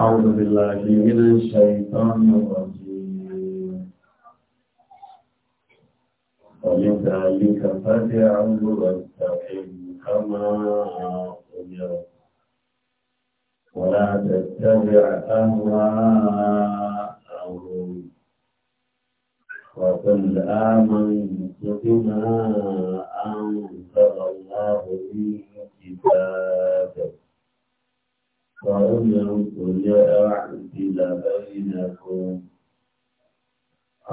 أعوذ بالله من الشيطان الرجيم ولذلك فادعوا واستقم كما أمر ولا تتبع أهواءهم وقل آمنت بما أنزل الله في كتابه وإنه لا أعدل بينكم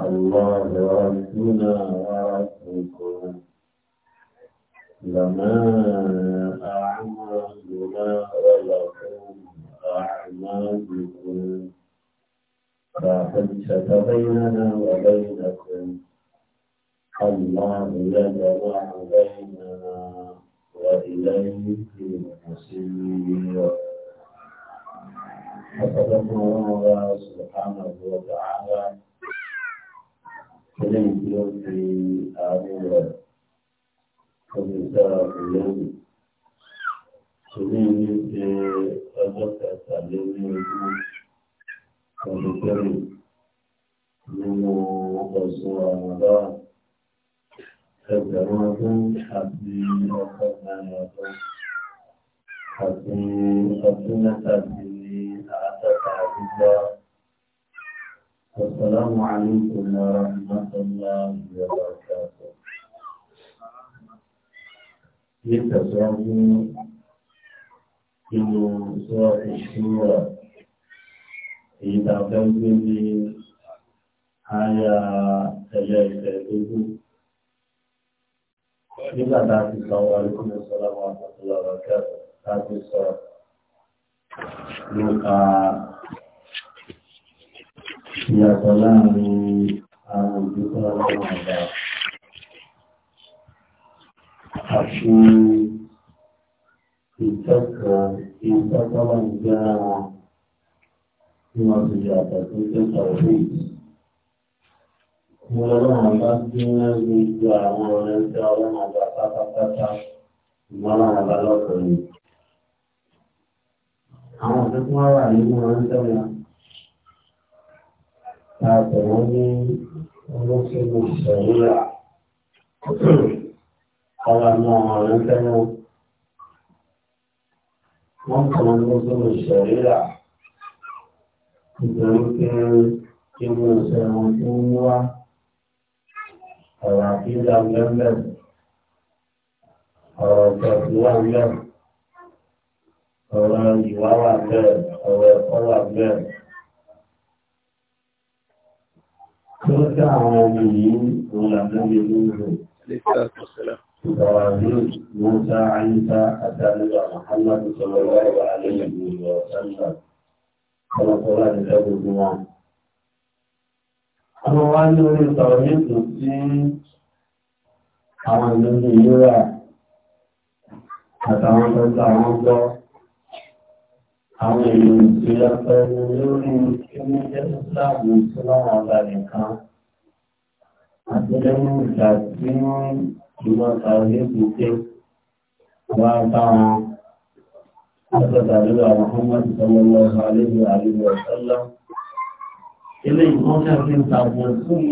الله ربنا وربكم لما أعمالنا ولكم أعمالكم لا حجة بيننا وبينكم الله يجمع بيننا وإليه المصير ọ̀pọ̀lọpọ̀ wọn wá sùkánà ọ̀gbọ̀n tààrà eléyìí tí ó fi àárín rẹ̀ tóbi sára fún lónìí. Eléyìí ní ṣe ọjọ́ kẹtàlélógún ọdún kẹrin nínú ọ̀sùn àmàlà ẹgbẹ̀rún ọdún àti ọgọ́ta ọdún mẹ́ta bíi. السلام عليكم ورحمة الله وبركاته يتزوجون في سورة الشورى إذا تزوجي آية تجاهل إذا تعطي السلام عليكم ورحمة الله وبركاته تعطي السلام nípa ìyàtọ̀ láàrin àwọn òjúkọ́ ọlọ́run ọ̀dá àti ìtọ́kọ̀ ìtọ́kọ́lọ́ ìgbé ara wọn tí wọ́n ti yàtọ̀ tó tẹ́kọ̀ orí mo lọ́wọ́n bá gbé gbogbo àwọn ọ̀rẹ́ tí ọlọ́run ọba pátápátá ìmọ̀ràn ọba lọ́kùnrin àwọn ọ̀dọ́ tí wọ́n wà nínú wọn ń dọ́la ta bẹ̀rẹ̀ ní owó tí mo sọ̀rọ̀ rà ń tẹ́wọ́ wọ́n kàn án ló tó lè sọ̀rọ̀ rà nítorí pé kí tó ń wá ọ̀rọ̀ àbí ìdá mẹ́mẹ́ ọ̀rọ̀ ọ̀tọ̀ tó wà mẹ́mẹ́ ọ̀rọ̀ ìwà wà bẹ́ẹ̀ ọ̀rọ̀ ẹ̀kọ́ wà bẹ́ẹ̀. Tó dá àwọn ọmọ yìí òun làmúbi lóòrò. Ìbàwàdí Musa Ayíta Adáníwà Muhammadu Sọlọ́wọ́ ìwà àlejò ìlú ọ̀sánlá. Ọmọ tó wà nílẹ̀ gbogbo wọn. Ọmọ wa ní orí sọ̀rọ̀ nítò tí àwọn ìlú yìí wà àtàwọn tó àwọn gbọ́ àwọn èèyàn ti lọ́pẹ́rú lórí kí wọ́n jẹ́ síláàmù síláàmù abalẹ̀ kan àti lẹ́yìn ìgbà tí wọ́n ìwọ́n tàbí èbúté wá bá wọn látọ̀tà lórí àwọn Muhammad sallallahu alaihi alihi wa sallam ilé ìwọ́n fi ń tàbí fún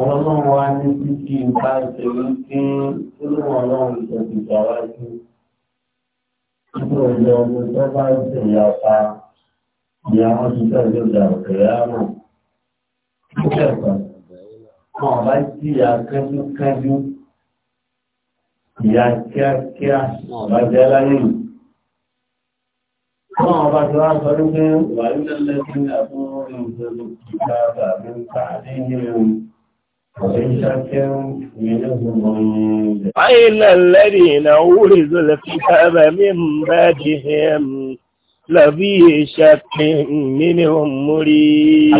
ọlọ́run wa ní títí nípa ìṣèlú tí olúmọ̀ ọlọ́run tó ti gbàwájú. Nígbà òjò ọmọ tó bá ń ṣe ìyapa ni àwọn ti tẹ̀lé ọjà òkèèrè àmọ̀. Ó kẹ̀kọ́, wọn bá jí ìyá kẹ́júkẹ́jú, ìyá kíákíá ọ̀bá jẹ́ láyé yìí. Àwọn ọba ti wá sọ wípé wà nílẹ̀ lẹ́sìn àbúrò ìṣèlú kíkà àbí ويل الذين أورثوا الكتاب من بعدهم لفي شك منهم مريب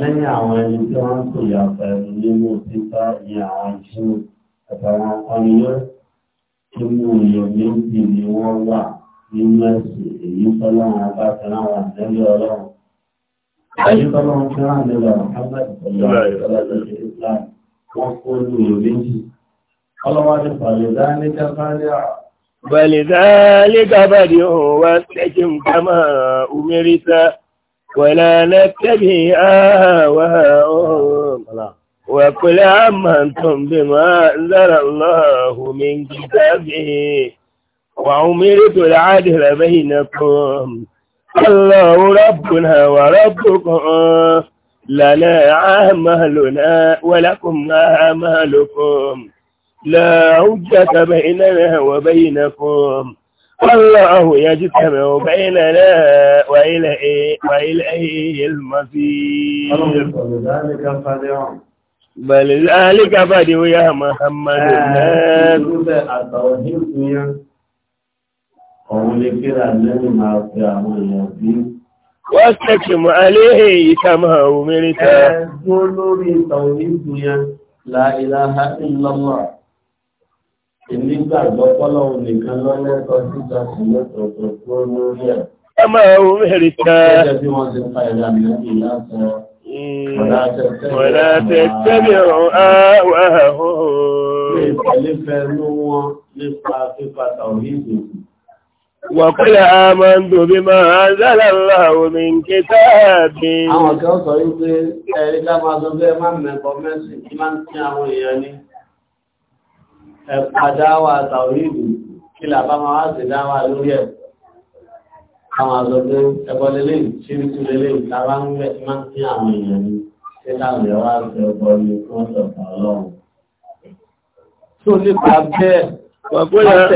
lẹ́yìn àwọn ẹni tí wọ́n kò yàtọ̀ ẹ̀rù nínú títà ní àwọn ìṣú àtàwọn ọ̀nìyàn tí mú ìyọ̀ méjì ni wọ́n wà nínú ẹ̀sìn èyí tọ́lọ́run bá ti ráwọn àtẹ́lẹ́ ọlọ́run. Èyí tọ́lọ́run ti ráwọn àtẹ́lẹ́ Muhammad ọlọ́run Islam wọ́n kó ní ìlú méjì. Ọlọ́wọ́n ti pàlẹ̀ dá ní Kẹfàlíà. فلذلك بدئ واستجم كما أمرت ولا نتبه أهواءهم وقل آمنتم بما أنزل الله من كتابه وعمرت العدل بينكم الله ربنا وربكم لنا عملنا ولكم عملكم لا حجة بيننا وبينكم والله يجتمع بيننا وإليه, وإليه المصير بل ذلك فدعوا يا محمد آه، الناس òun lè kíra lẹ́yìn máa pe àwọn èèyàn bí. wọ́n ṣẹ̀kì mọ́ aléhè ìta máa òmìnirin ta. ẹ dúró lórí ìtàwọn ìlú yẹn la ilaha illallah èmi gbàgbọ́ pọ́lọ́hùn nìkan lọ́lẹ́kọ̀ọ́ síta sí lọ́tọ̀ọ̀tọ̀ dúró lórí ẹ̀. ẹ máa òmìnirin ta. ó jẹ́ وقل آمنت بما أنزل الله من كتاب àwọn kan sọ wípé ẹ̀rí ká máa sọ pé máa mẹ́kọ̀ mẹ́sì kí máa ń tí àwọn èèyàn ní ẹ̀pàdáwà tàwíìdù kí làbá máa wá sí dáwà lórí ẹ̀ àwọn àzọ̀gbé ẹ̀kọ́ lélẹ̀ ṣíríkú lélẹ̀ tàbá ń bẹ̀ máa tí àwọn èèyàn ní tí láwọn èèyàn wá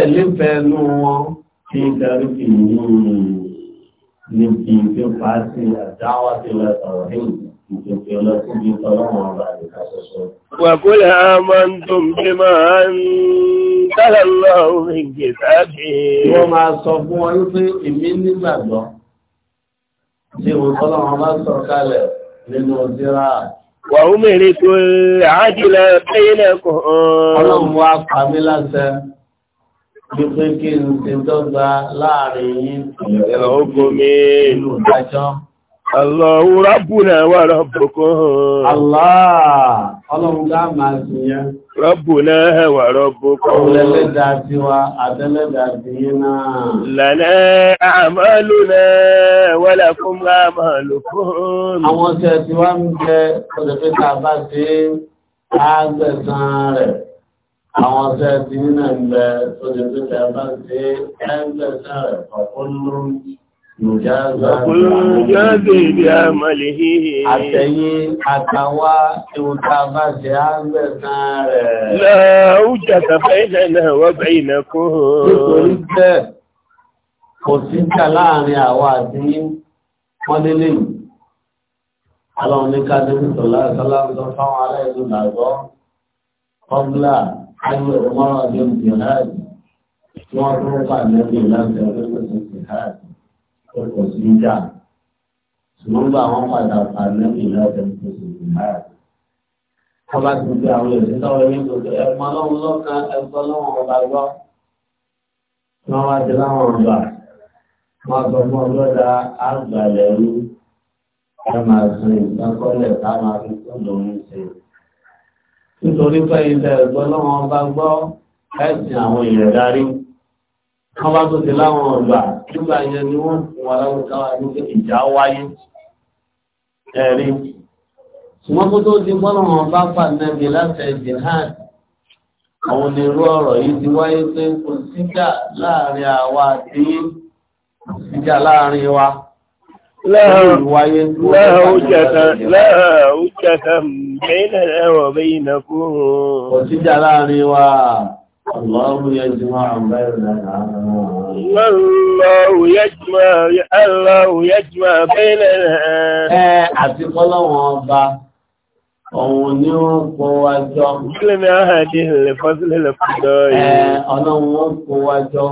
ní kọ́ tí dárúkì yìí níbi ìfipá sí àdáwà tí wọ́n sọ̀rọ̀ hìn ìjọba ọlọ́sìn bí tọ́lọ́wọ́n ọba àdìkà ṣoṣo. وقل آمنتم بما أنزل الله من كتابه. wọ́n máa sọ fún wọn wípé èmi nígbàgbọ́ tí wọ́n tọ́lọ́wọ́n bá sọ kalẹ̀ nínú síra. وأمرت لأعدل بينكم. ọlọ́run wá pa mí wípé kí n ti dọ́gba láàrin yín ìlú ogomi ìlú ìdájọ́. Allahu Rabbuna wa Rabbukum. Allah ọlọ́run dá máa Rabbuna wa Rabbukum. Ọlẹ́lẹ́dà sí wa, àtẹ́lẹ́dà Lana a'maluna wa lakum a'malukum. Àwọn ọ̀sẹ̀ tí wá ń bẹ ọ̀sẹ̀ pé tá a bá ṣe àwọn ọ̀sẹ̀ ti nínú ẹgbẹ́ tó lè tó tẹ bá ṣe ẹgbẹ́ sáré ọ̀pọ̀lọ́ Òkúrújáde ìdí àmàlè híhì. Àtẹ̀yìn àtàwà ìwò ta bá ṣe ágbẹ̀sán rẹ̀. Láàújà tàfẹ́ ìlànà wọ́n bẹ̀ ìnàkó. Nítorí bẹ́ẹ̀, kò sí jà láàrin àwa àti wọ́n lélé yìí. Alọ́run ní ká dé أي مرض جهاد وروح الذي لم يرد الجهاد والوسيلة ṣùgbọ́n gba àwọn padà fà lẹ́yìn láti ẹni tó sì fi máa rẹ̀. ọba ti fi àwọn èsì sọ̀rọ̀ ní gbogbo ẹ̀mọ́ lọ́wọ́ lọ́kàn ẹ̀kọ́ lọ́wọ́ ọba gbọ́. wọ́n wá ti láwọn ọba wọ́n sọ fún ọlọ́dà àgbàlẹ̀ ẹ̀rú ẹ̀ máa sọ ìdákọ́lẹ̀ ká nítorí pé ilẹ̀ ẹ̀gbọ́n náà wọn bá gbọ́ ẹ̀sìn àwọn èèyàn darí wọ́n bá tó ti láwọn ọ̀gbà nígbà yẹn ni wọ́n fún wa láwùjọ ní ìjà wáyé ẹ̀rí ṣùgbọ́n kó tó di gbọ́n náà bá fà nẹ́bi láti ẹ̀jẹ̀ hàn àwọn onírú ọ̀rọ̀ yìí ti wáyé pé kò síjà láàrin àwa àti síjà láàrin wa. lẹ́hìn lẹ́hìn ó jẹ́ tán lẹ́hìn ó jẹ́ tán bẹ́ẹ̀nà ẹ̀rọ bẹ́yìn náà fún un. Kò síjà láàrin wa, Allahu yajma'u baynana. Allahu yajma'u, Allahu yajma'u baynana. Ẹ àti kọ́lọ́wọ́n ọba, òun ni ó kó wa jọ. Kílẹ̀ mi á hàn dé lè fọ́sílẹ̀ lè fọ́dọ̀ yìí. Ọlọ́run ó kó wa jọ.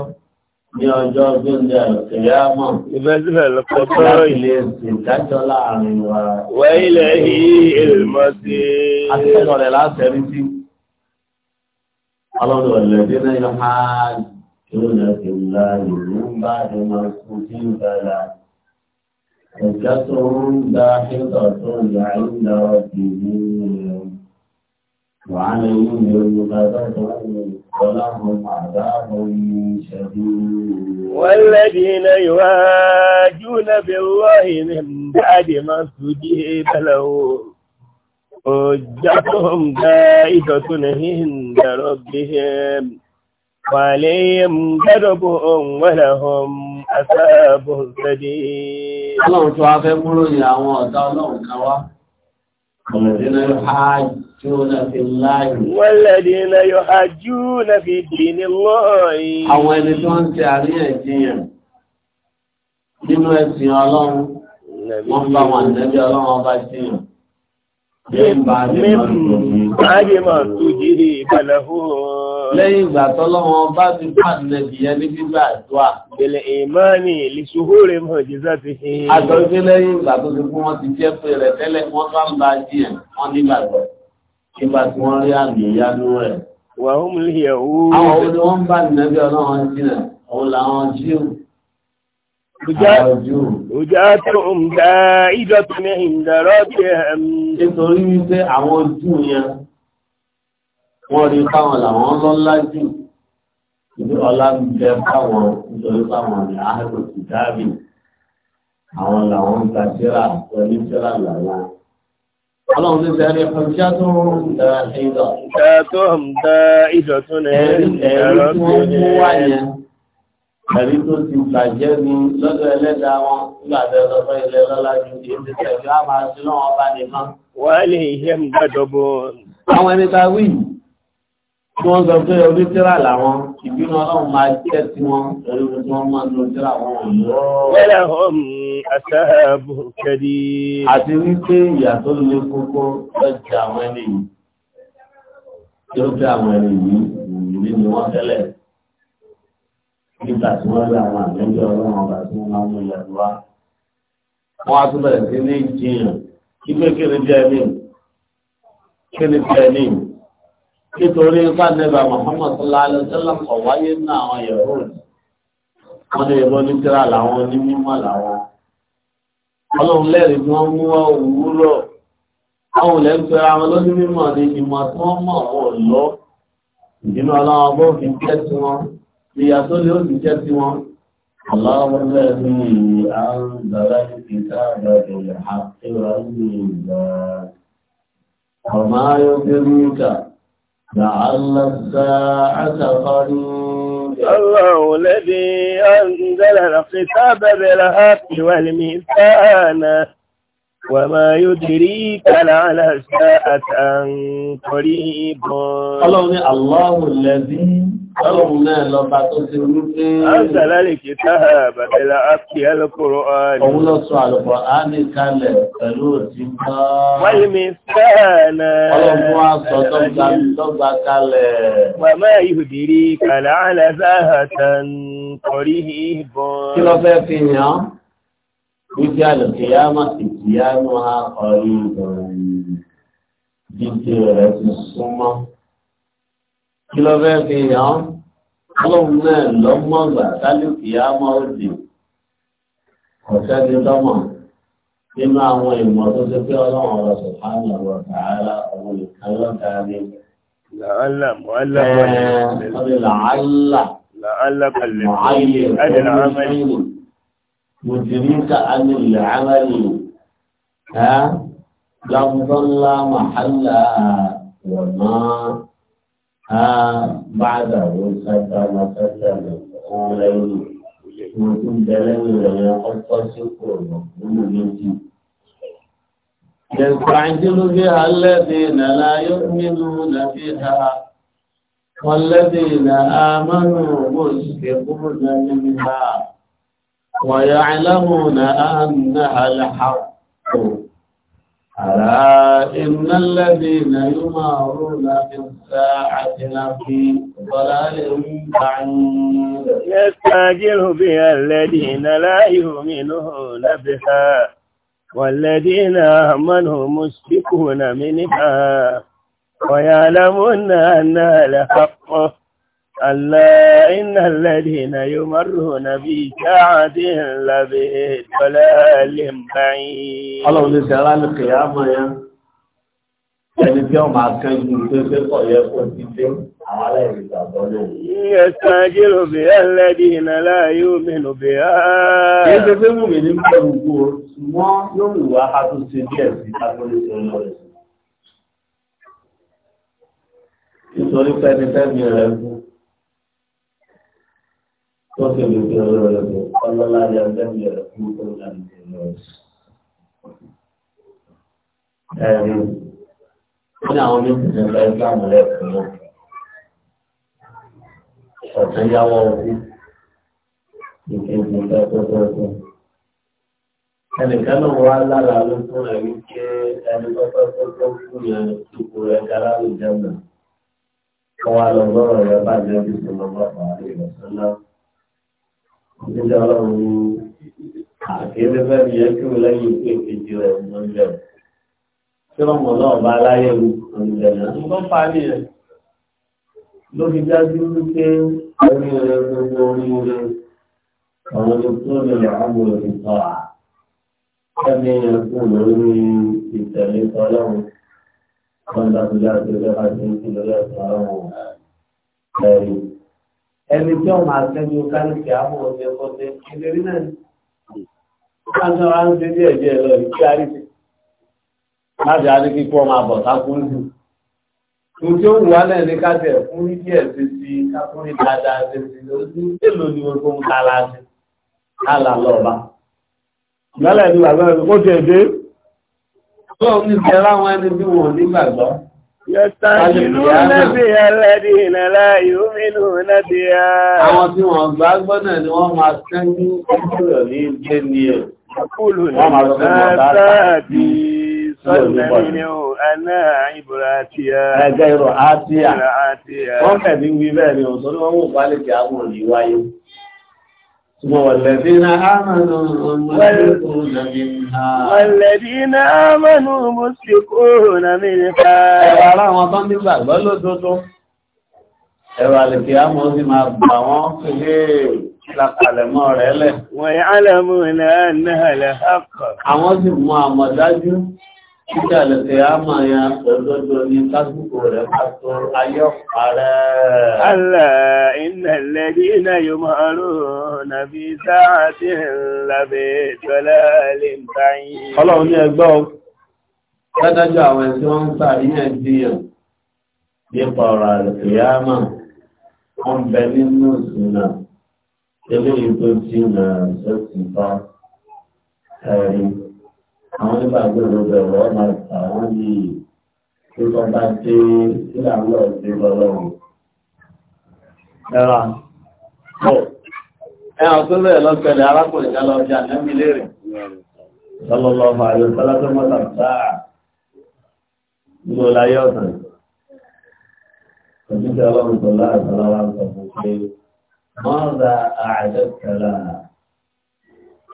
ní ọjọ́ gbẹ́ndẹ̀ kìyàmọ̀. Ìbẹ́sílẹ̀ lọ́pọ̀ tọ́rọ ilé ìdájọ́ láàrin wa. yìí èlùmọ́ sí. rẹ̀ Ọlọ́dún dín náà yọ ha ń bá ma kú sí Ẹ̀jẹ̀ tó ń da ìlú وعليهم عقوبتهم ولهم عذاب شديد والذين يواجون بالله من بعد ما استجيب له حجتهم بائسة عند ربهم وعليهم غضبهم ولهم عذاب شديد. Ọlọ́run tó wá fẹ́ múròyìn والذين يحاجون في الله والذين يحاجون في دين الله àwọn ẹni tó ń ṣe àríyànjiyàn nínú ẹ̀sìn ọlọ́run wọ́n bá wọn àjẹ́bí ọlọ́run ọba jiyàn Lẹ́yìn ìgbà tọ́lọ́wọ́ bá ti bá nẹ̀bì yẹn ní gbígbà àdúrà. Ìbẹ̀lẹ̀ ìmọ́ni ìlìṣòhóre mọ̀ jíza ti fi. Àtọ́jú lẹ́yìn ìgbà tó ti fún wọn ti jẹ́ pé rẹ̀ tẹ́lẹ̀ wọ́n bá ń bá jí ẹ̀ wọ́n nígbàgbọ́. Nígbà tí wọ́n rí àmì ìyanu rẹ̀. Wàhùn lè yẹ̀ wú. Àwọn olówó bá nẹ̀bì ọlọ́run jìnà, Òjátùm dá ìjọtù ní ìdàrọ́ tí ẹ̀mí. Nítorí wípé àwọn Júù yẹn, wọ́n rí fáwọn làwọn lọ́lá jù. Ìlú ọlá ń bẹ fáwọn nítorí fáwọn ní ààrùn ti dábì. Àwọn làwọn ń ta síra pẹ̀lú síra làwọn. Ọlọ́run ti sẹ́rí fún ìjátùm dá ìjọtù ní ìdàrọ́ tí ẹ̀mí ẹ̀rí tó ti bàjẹ́ ni lọ́dọ̀ ẹlẹ́dàá wọn nígbà tẹ́ lọ fẹ́ ilẹ̀ lọ́la ju èdè tẹ̀síọ́ á máa sí náà ọba nìkan. wọ́n lè yẹ mú gbọ́dọ̀ bọ́. àwọn ẹni ta wí tí wọ́n sọ pé onítìrà làwọn ìbínú ọlọ́run máa jẹ́ sí wọn pẹ̀lú tí wọ́n máa ń lo tìrà wọn ò lọ. wẹ́lẹ̀ hàn àṣàbò kẹ́dí. àti wípé ìyà tó le kókó lọ́jà àwọn ẹni yìí tó fẹ́ àwọn ẹni yìí nígbà tí wọ́n lé àwọn àlejò ọlọ́run ọba tí wọ́n máa ń mú ilẹ̀ wá. wọ́n á tún bẹ̀rẹ̀ sí ní jiyàn kí pé kí ni jẹ́ ní kí ni jẹ́ ní nítorí ipá nẹ́bà Muhammad sallallahu alaihi wasallam kọ̀ wáyé ní àwọn yẹ̀rọ wọn ní ìbọn ní tíra làwọn onímọ̀ làwọn. ọlọ́run lẹ́rìí tí wọ́n mú wá òwúrọ̀ àwọn olè ń pera wọn lọ́dún mímọ̀ ní ìmọ̀ tí wọ́n mọ̀ wọ́n lọ ìyàtọ̀ ni ó ti jẹ́ tí wọ́n الله الذي أنزل الكتاب بالحق والميزان الله الذي أنزل الكتاب بالحق والميزان وما يدريك لعل ساعة قريب الله الله الذي أرنا أنزل الكتاب بالعبد القرآن أولا سوى القرآن كان لتلو والمسكان وما يدريك لعل أن قريب كلا فيه Wípé àlùkìyàmà ìkìyàmà ọ̀rí ìdọ̀rùn jíjẹ rẹ̀ ti súnmọ́. Kí ló fẹ́ fi hàn? Ọlọ́run náà lọ́mọ́gbà sálùkìyàmà òdì. Ọ̀sẹ́ni lọ́mọ̀ nínú àwọn ìmọ̀ tó ṣe pé ọlọ́run ọ̀rọ̀ sọ̀fánà ọ̀rọ̀ tààrà ọ̀rọ̀ ìkàlọ́ta ni. Làálà mọ̀álà mọ̀álà. Làálà mọ̀álà يدريك عن العمل ها لفظا لا محل وما ها بعده سلم سلم قولين وكن دليل يقص شكر مقبول يستعجل بها الذين لا يؤمنون بها والذين آمنوا مشفقون منها ويعلمون أنها الحق ألا إن الذين يمارون في الساعة لفي ضلال بعيد يستعجل بها الذين لا يؤمنون بها والذين آمنوا مشركون منها ويعلمون أنها لحقه ألا إن الذين يمرون في ساعة لبئت ضلال بعيد الله ní sẹ́rá ní kìyàmọ̀ yẹn ẹni tí ọmọ akẹ́yìn tó ṣe pọ̀ yẹ kó ti dé àwọn aláìsí àbọ̀ lóhùn. يستعجل بها الذين لا يؤمنون بها. kì í ṣe mú mi ní bọ́ọ̀lù kú o yóò wù wá ká tó ṣe díẹ̀ sí kápẹ́lẹ́sì ọlọ́rẹ̀. nítorí pẹ́ni fẹ́mi rẹ̀ kú. Porque yo quiero ver lo que cuando la de Andrés yo lo cumplo la de Dios. Ní àwọn méjì ní ọjọ́ ìgbàmù lẹ́kùn náà. Ọ̀tún yáwó ọkú. Ìkejì ìgbà tó tó tó. Ẹnìkan náà wá lára ló fún ẹ̀ wípé ẹni tó tó tó fún yẹn ipò rẹ̀ kára ló jẹun náà. Kọ́wá lọ gbọ́rọ̀ rẹ̀ bá jẹ́ bí sọ̀rọ̀ bá wà á lè nígbà ọlọ́run ní àkéde fẹ́ fi yẹ kí wọ́n lẹ́yìn pé kejì rẹ̀ ń lọ jẹun. tí wọ́n mọ̀ náà bá aláyẹ̀ wù ọ̀nìyàn náà. wọ́n pa ní ẹ̀. ló fi dájú wípé orí rẹ̀ gbogbo ẹni tí ọmọ àtẹ́jú káríkì àmọ́ ọ̀sẹ̀ ọ̀sẹ̀ ìlérí náà ni káàkiri ọ̀rá ń ṣe díẹ̀ díẹ̀ lọ ìkí àríkì láti àríkì kí ọmọ àbọ̀ sákún jù tó tí ó wù wá náà ní káàkiri fún ní díẹ̀ ṣe sí kákúrí dáadáa ṣe sí lórí èlò ni ogun kala ṣe kala lọ́ba. ìgbàlẹ̀ ni bàbá mi kó tẹ̀ dé tó ní bẹ̀rẹ̀ àwọn ẹni tí wọ́n nígbàgbọ́ Yẹ̀tàjìlúnà bí ẹlẹ́dì ìnàlá ìhúmínú náàbí a. Àwọn tí wọ́n gbá gbọ́nà ni wọ́n máa kẹ́jú ìjúrò ní ilé ní ẹ̀. Kúlù ní àtàdì sọ́lẹ̀mínú aná ìbúra àti a. Ẹgbẹ́ ìrọ̀ àti a. Wọ́n kẹ̀ ní wí bẹ́ẹ̀ ni ọ̀sán ni wọ́n mú والذين آمنوا مشفقون منها والذين آمنوا مشفقون منها ẹwà ara wọn tán nígbà gbọ́lò tótó ẹwà lèkì àmọ́ sí máa bà wọ́n fìlé lápàlẹ̀mọ́ rẹ̀ lẹ̀ wọ́n yálẹ̀mú náà náà lẹ́hàkọ̀ Títà lẹ̀fẹ̀ á máa ya pẹ̀lọ́jọ́ ní lásìkò rẹ̀ pàtó ayọ́ ààrẹ. Àlà iná lẹ́dí iná yóò máa rò nàbí sáàtì lábẹ́ tọ́lá lè ń báyìí. Ọlọ́run ní ẹgbọ́ dádájọ́ àwọn ẹ̀sí wọ́n ń sàríyàn díyàn nípa ọ̀rọ̀ àlùfíàmà wọ́n bẹ nínú ìsúná eléyìí tó jìnà sókè tán ẹ̀rí àwọn nígbà gbọdọ̀ bẹ̀rù ọmọ àwọn yìí tó sọ bá ṣe kí làwọn lọ sí lọ́lọ́run. ẹ̀rọ ẹ̀rọ tó bẹ̀rẹ̀ lọ́sẹ̀lẹ̀ arákùnrin kan lọ bí ànámi léèrè lọ́lọ́lọ́mọ àyọ̀sọ́lá tó mọ́ tàbá nínú láyé ọ̀sán. Òjíṣẹ́ ọlọ́run tó láàrín ọlọ́run sọ fún pé mọ́ra àjẹsẹ̀lá.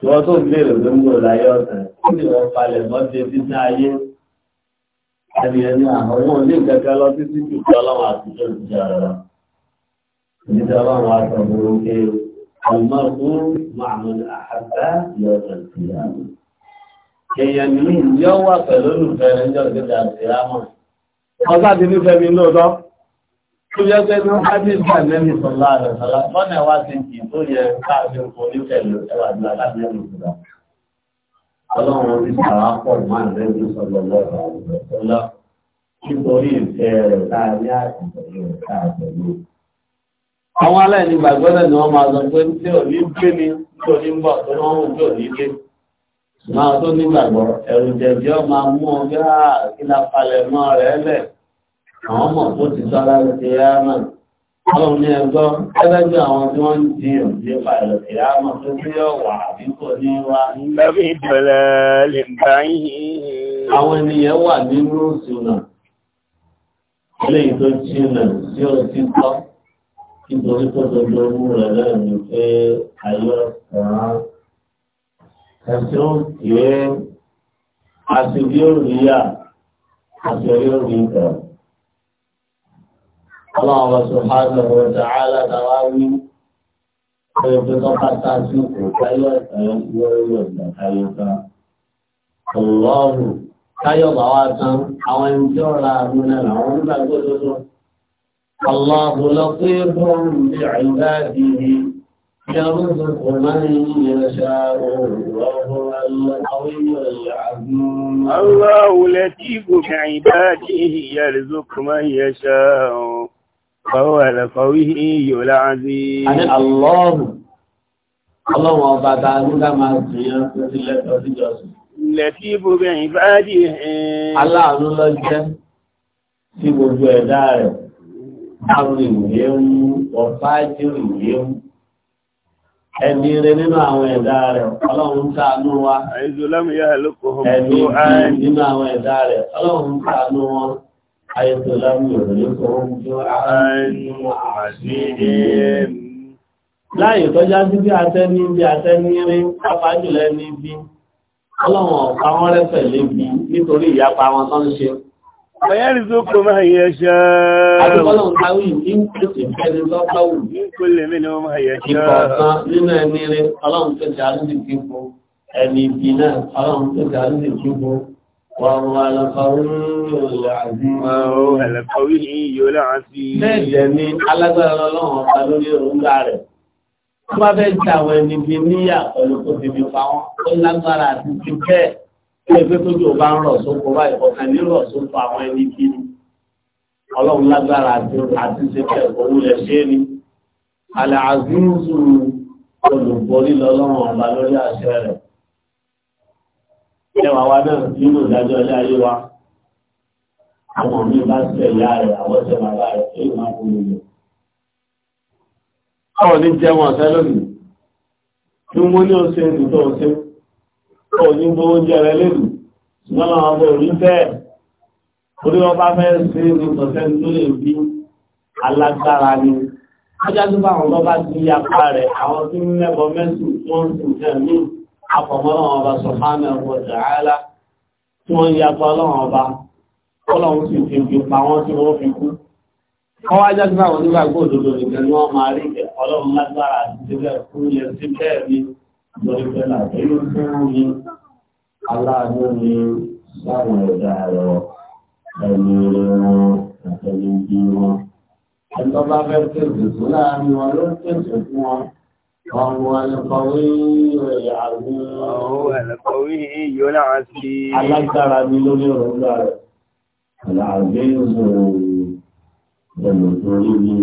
Ìwọ́n tó ń léèrè tó ń gbò láyé ọ̀sán ó lè wọ́n palẹ̀ mọ́dé títí ayé ẹni ẹni àwọn ohun ní ìkẹ́kẹ́ lọ títí jù tí ọlọ́wọ́ àtijọ́ ti jẹ́ ara nígbà ọlọ́wọ́ aṣọ burúkú ọmọdé mahmud ahaba yọjọ sí àmì èèyàn ní ìyọ́ wà pẹ̀lú olùfẹ́ níjọ́ ìgbéga sí àmọ́ ọba ti nífẹ̀ẹ́ mi lóòótọ́ tó yẹ pé ní hadiza nẹ́bí sọ̀lá rẹ̀ sọ̀lá mọ́nà wá sí kì tó yẹ káàkiri kò nífẹ̀ẹ́ lò ẹwà ní aláàbẹ̀rẹ̀ ọlọ́run ti sàrà pọ̀ máa ń rẹ́jú sọ̀rọ̀ lọ́rọ̀ àwùjọ nítorí ìfẹ́ rẹ̀ táa ní àtìgbà yóò táa pẹ̀lú. àwọn aláìní gbàgbọ́ náà ni wọ́n máa sọ pé tí ò ní gbé ni tí ò ní ń bọ̀ tó wọ́n ń jò ní ilé. máa tó nígbàgbọ́ ẹ̀rù jẹ̀bi ọ máa mú ọ bí àkílà palẹ̀ mọ́ rẹ̀ lẹ̀ àwọn ọmọ tó ti sọ aláìní ti rẹ́ náà Ọlọ́run ní ẹgbọ́, ẹgbẹ́gbẹ́ àwọn tí wọ́n ń di òjí pàìlọ̀ ìyámọ̀ tó tí yọ wà bí kò ní wá ní. Lọ́bí ìbẹ̀rẹ̀ lè yìí. Àwọn ènìyàn wà nínú òṣùnà. الله سبحانه وتعالى تراوي الله كايو ضواتن او انتو لا من العون الله لطيف بعباده يرزق من يشاء وهو القوي العظيم الله لطيف بعباده يرزق من يشاء Ọwọ́ ẹ̀lẹ̀kọ̀wí yíò láàájí. A ní Allọ́rù, ọlọ́run ọba ta nígbà máa jìyàn sí lẹ́tọ̀ sí jọsùn. gbogbo ẹ̀yìn bá dì ẹ̀ẹ́. Aláàánú lọ jẹ́ gbogbo ẹ̀dá rẹ̀. ìwé ìwé nínú àwọn ẹ̀dá rẹ̀, ọlọ́run ń wa. lámìyá حيث لم يدركهم جوعا وعسيرهم láyé tọ́já sí bí atẹ́ni bí atẹ́ni rí pápájùlẹ̀ ní bí ọlọ́wọ̀n ọ̀pá wọn rẹ́fẹ̀ lé bí nítorí ìyapa wọn tán ṣe Bayani zo ko mahayyasha. Àti kọ́lọ̀ ń tawí ní pèsè fẹ́ni lọ́pàá wù. Kò lè mí ni wọ́n mahayyasha. Ìkọ̀ọ̀kan nínú ẹni rí, ọlọ́run tó jà وهو القوي العزيز وهو القوي العزيز bẹ́ẹ̀ ni alágbára ọlọ́run ọba lórí èròǹgbà rẹ̀ tó bá fẹ́ ti àwọn ẹni bíi níyà pẹ̀lú kó ti fi pa wọ́n ó lágbára àti ti bẹ́ẹ̀ tó ẹgbẹ́ tó jò bá ń rọ̀ sóko wá ìkọ̀kan ní rọ̀ sóko àwọn ẹni bíi ni ọlọ́run lágbára ẹwà wa náà nínú ìdájọ́ ilé ayé wa àwọn mi bá ṣe ìyá rẹ̀ àwọn ṣe bàbá rẹ̀ èyí máa kú mi lò. báwo ni jẹ́ wọn ọ̀sẹ́ lónìí tí wọ́n ní oṣù ìdúró oṣù tó ní gbogbo oúnjẹ rẹ lónìí ṣùgbọ́n àwọn ọmọ òní bẹ́ẹ̀ orí wọn bá fẹ́ ṣe é ní ọ̀sẹ̀ tó lè bí alágbára ni wọ́n jáde bá àwọn ọmọ ti yá rẹ̀ àwọn tí ń lẹ́bọ̀ mẹ́sùn tó ń sùn náà míì àfọ̀mọ́lọ́wọ́ ọba sọ̀hánà ọgbọ̀ jàálá tí wọ́n ya pa ọlọ́wọ́ ọba ọlọ́run sì fi fi pa wọ́n tí wọ́n fi kú ọwọ́ ajá tí báwọn nígbàgbọ́ òdodo nìkan ni wọ́n máa rí ọlọ́run lágbára àti síbẹ̀ fún yẹn sí bẹ́ẹ̀ ni lórí pẹ́ làbẹ́yìn fún mi aláàánú ni sáwọn ẹ̀dá ẹni rẹ̀ wọn àtẹnudí wọn wọn ló وهو القوي العزيز وهو القوي العزيز alágbára ni lórí ọ̀rọ̀ ńlá rẹ̀ aláàbẹ̀yẹ̀sọ ẹ̀rọ tó rí ni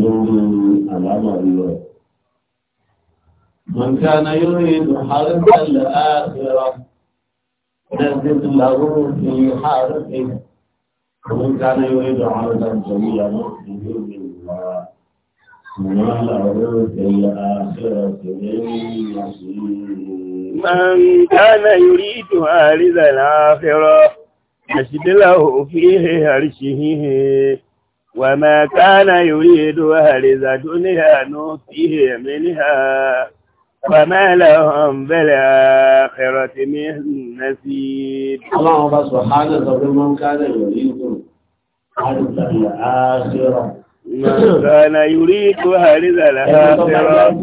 lórí àlámàrí rẹ̀ من كان يريد حرث الآخرة نزد له في حرثه ومن كان يريد حرث الجميع نؤتيه من الله من كان يريد هارذ الآخرة نشد له فيه هرشه وما كان يريد هارذ دنيا نوتيه منها وما لهم بالآخرة من نسيب الله سبحانه وتعالى من كان يريد هارذ الآخرة Màkànà yúrí kó àríza làásìrọ̀.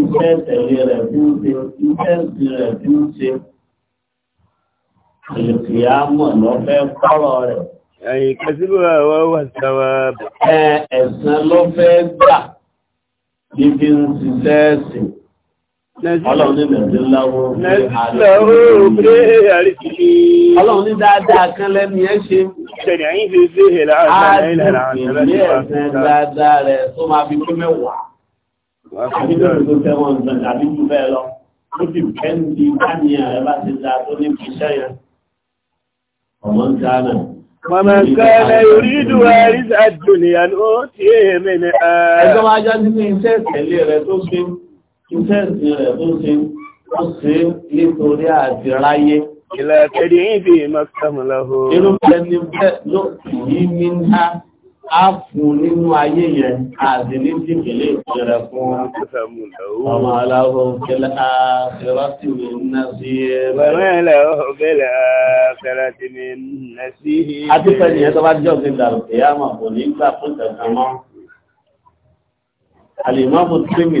Iṣẹ́ tẹ̀lé rẹ̀ bí ó ṣe, iṣẹ́ tẹ̀lé Ẹ̀yìn kẹsíbò àwọn wà sáwà. Ẹ ẹ̀sán gbà. Ibi ń ṣiṣẹ́ ẹ̀sìn. Ọlọ́run ní bẹ̀rẹ̀ láwọ́ Ọlọ́run ní dáadáa kan lẹ́ni ẹ́ ṣe. Ṣẹ̀rẹ̀ àyín fi ṣe hẹ̀lá àrẹ̀ Mọ̀mọ̀ kẹ́lẹ̀ orídù àrísà dùn ni àlóòtí èèmẹ́ ni ààrẹ. Ẹjọ́ máa jọ́ nínú iṣẹ́ ìtẹ̀lé rẹ̀ tó ṣe iṣẹ́ ìsìn rẹ̀ tó ṣe ó ṣe nítorí àti ráyé. ìlẹ̀ kẹ́rì yìí fi mọ́kànlọ́hó. irúfẹ́ ni bẹ́ẹ̀ ló yí mi ná á fún nínú ayé yẹn àti ní jìbìlì ìṣẹ̀rẹ̀ fún ọmọ aláwọ̀ kẹlẹ́ àṣẹwá sí mi ná sí ẹ. bẹ̀rẹ̀ ilẹ̀ ọ̀bẹ̀lẹ̀ àṣẹrẹ̀ ti mi ná sí. a ti fẹ́ nìyẹn tó bá jọ́ sí dàrú ìyá màbò nígbà fún tẹ̀sán mọ́. àlè má bò tí mi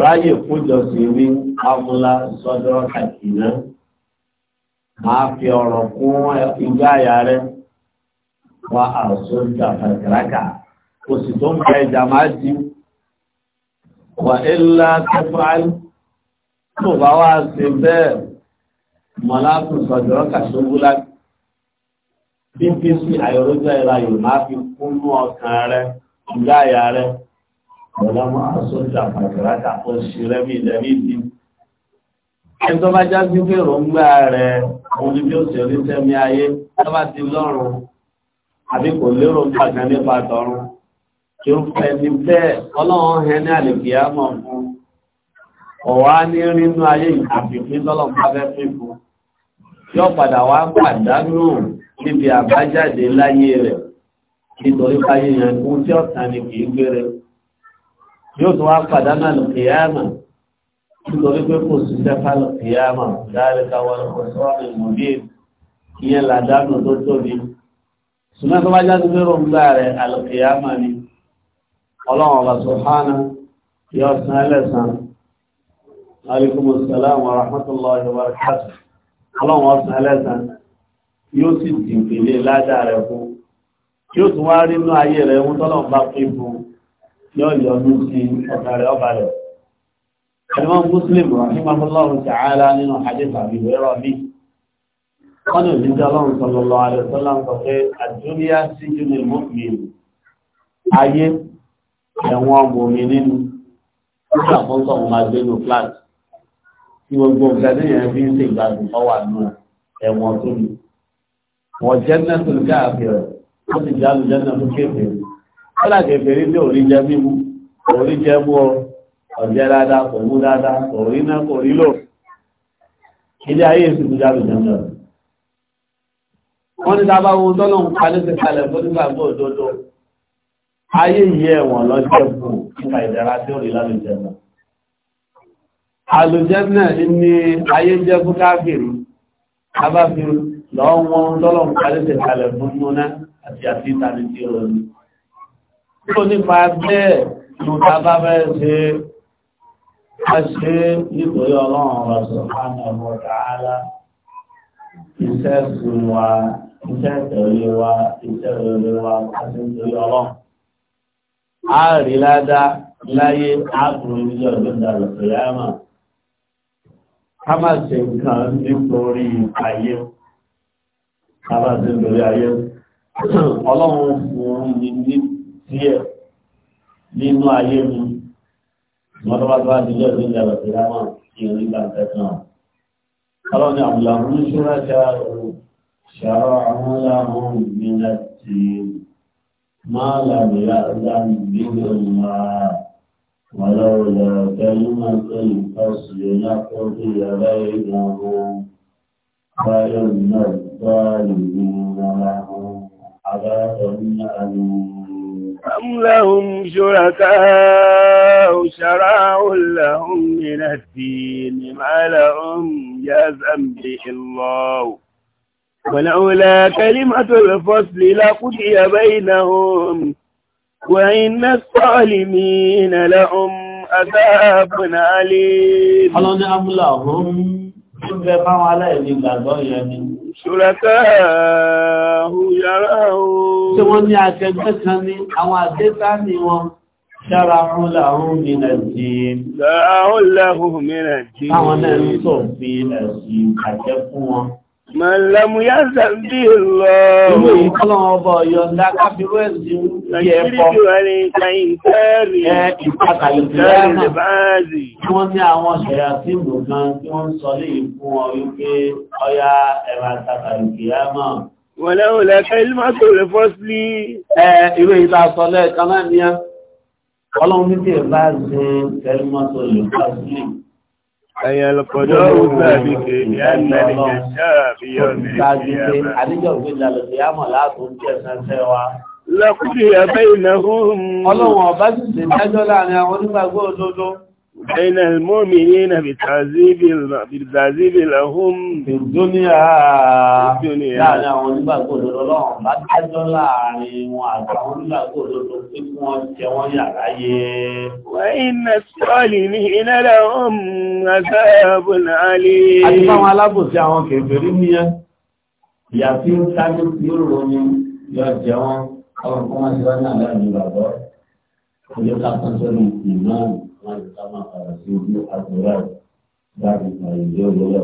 ráyè kójọ sí wí amúlá sọ́dọ̀ kàkìnà máa fi ọ̀rọ̀ kún igbá àyà rẹ̀ wá àṣọ ìjàfàkìrákà kò sì tó ń bẹ ìjà máa di wà ilá tẹfàálì tó bá wá sí bẹ́ẹ̀ mọ̀láàkù sọ̀dọ̀ kàṣógúlá bí bí sí àyọ̀rọ̀jọ́ ìlà yóò máa fi kún ọkàn rẹ̀ igbá àyà rẹ̀. ọ̀la máa sọ́jà pàtàkì àkọsí rẹ́mí lẹ́mí bí. ẹni tó bá já sí pé rẹ̀ òun ni bí ó rí sẹ́mi ayé tó àbí kò lérò ń nípa tọrùn tí ó fẹ́ ní bẹ́ẹ̀ ọlọ́run ní àlèkìá mọ̀ fún ọ̀wá ní rínú ayé yóò padà wá pàdánù níbi àbájáde láyé rẹ̀ nítorí yẹn tí yóò tún wá pàdánà lùkìyàmà nítorí pé kò sí sẹ́fà lùkìyàmà dáre káwọn ọ̀sọ́rin mọ̀bíyè ìyẹn làdánù tó tóbi ṣùgbọ́n tó bá jáde pé rògbà rẹ̀ àlùkìyàmà ni ọlọ́run ọba sọ̀hánà yóò san ẹlẹ́sàn alaikum salam wa rahmatullahi wa barakatuh ọlọ́run ọsàn ẹlẹ́sàn yóò sì dìgbèlé ládàá rẹ̀ fún yóò tún wá rí inú ayé rẹ̀ ń tọ́lọ̀ bá pín fún yóò yọ ọdún sí ọ̀gá rẹ̀ ọba rẹ̀. Ẹ̀rọ Mùsùlùmí Rahimahullahu Ta'ala nínú Hadith Abi Hurairah mi. Wọ́n ní òjíṣẹ́ Ọlọ́run sallallahu alaihi wasallam sọ pé àdúnyá sí Júnil Mọ́kùnrin. Ayé ẹ̀wọ̀n mòmí nínú. Ó ṣàkóso àwọn máa gbé ní flat. Tí gbogbo nǹkan ní fi ń ṣe ìgbàgbọ́ tó nù ẹ̀wọ̀n tó ní. Wọ́n jẹ́ nẹ́tùlù káàkiri. Wọ́n ti jẹ́ àlùjẹ́ nẹ́tùlù kéèkiri kọ́lá kẹfẹ́rí ní òrí jẹ mímú òrí jẹ mú ọ ọ̀jẹ́ dáadáa kò mú dáadáa kò rí náà kò rí lò ilé ayé èsì tó jáde jẹun lọ. wọ́n ní ta bá wo tọ́lọ̀ ń palẹ́ sí kalẹ̀ fún nígbà gbọ́ òdodo ayé yìí ẹ̀wọ̀n lọ́jọ́ ẹ̀bùn nípa ìdára tí ó rí lálùjẹ náà. àlùjẹ náà ní ayé jẹ́ fún káfíìrì abáfi lọ́wọ́n tọ́lọ̀ ń palẹ́ sí kalẹ̀ fún núná àti àti ìtàní tó nípa bẹ́ẹ̀ lùtà bá bẹ́ẹ̀ ṣe a ṣe nítorí ọlọ́run ọ̀rọ̀ sọ̀rọ̀ ọmọ tààlà iṣẹ́ sùn wa iṣẹ́ tẹ̀lé wa iṣẹ́ rere wa láti nítorí ọlọ́run a rí ládá láyé ákùnrin níjọ́ ìgbésà lọ́sọ̀yàmà ká má ṣe nǹkan nítorí ayé ká má ṣe nítorí ayé ọlọ́run fún mi nítorí díẹ̀ nínú ayé mi mọ́tọ́bátọ́ àdíjọ́ ní ìjọba tí a máa kí n nígbà tẹ́tàn ọlọ́ni àmúlà mú ṣúra ṣàrọ̀ àmúlà mú mi láti máa làmìlà láàmì nígbà ولولا كلمة الفصل لقضي بينهم فإن الظالمين لهم عذاب أليم أم لهم شركاء شرعوا لهم من الدين ما لهم جزم به الله ولولا كلمة الفصل لقضي بينهم وإن الظالمين لهم عذاب عليم. Ọlọ́ni Amúlà لهم ń bẹ fáwọn ṣùrẹ́tẹ́ẹ̀hù yàrá ohun. Tí wọ́n ní akẹgbẹ́ kan ní àwọn àdẹ́ta ni wọn ṣára fún láàrùn mìíràn jí. Láàrùn lẹ́hùn mìíràn jí. Àwọn náà ń sọ fi ẹ̀sìn àjẹ́ fún wọn. Màlàmù yá sàbí lọ. Ìwé ìkọlọ́wọ́ ọbọ̀ yọ̀ǹda káfíwú ẹ̀sìn yẹ ẹ̀kọ́. Ìjírí wà ní ìtàyìn tẹ́rì. Ẹ ìpàkàlù tẹ́rì báàzì. Kí wọ́n ní àwọn ṣẹ̀yà sí ìlú kan tí wọ́n ń sọ lè fún ọ wípé ọya ẹ̀rọ àtàkàlù kìyàmà. Wọ́n lẹ́wọ̀n lẹ́kẹ́ ilé máa tó rẹ̀ fọ́sílì. Ẹ ìwé ìta sọ lẹ́ẹ̀kan náà ní ẹ̀yàn lọ́pọ̀lọ́ òsàbí kèmí àtàlẹ̀ ìṣàbí ọ̀nà ìṣàbí. Àdíjọ́ ògbéjà lọ sí àmọ̀ látún tẹ̀sán tẹ́ wa. Lọ́kùnrin àbẹ́ ìnáwó. Ọlọ́run ọ̀bá sì ṣe dájọ́ láàrin àwọn onígbàgbọ́ òdodo. بين المؤمنين بالتعذيب بالتعذيب لهم في الدنيا الدنيا لا لا ونبا الله ما تجلا وعطاهم لا كل وإن الصالحين لهم عذاب عليم أجمع على بوسي àwọn kèfèrí nìyẹn ìyà tí ń ṣáájú tí ó rò ní yóò jẹ wọn àwọn kan wá máa ń ká máa padà sí ojú àdúrà láti pàrọ̀ ìdí ọjọ́ lọ.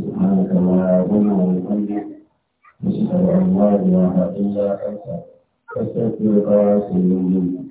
سبحانك اللهم وبحمدك أشهد أن لا إله إلا أنت أستغفرك وأتوب إليك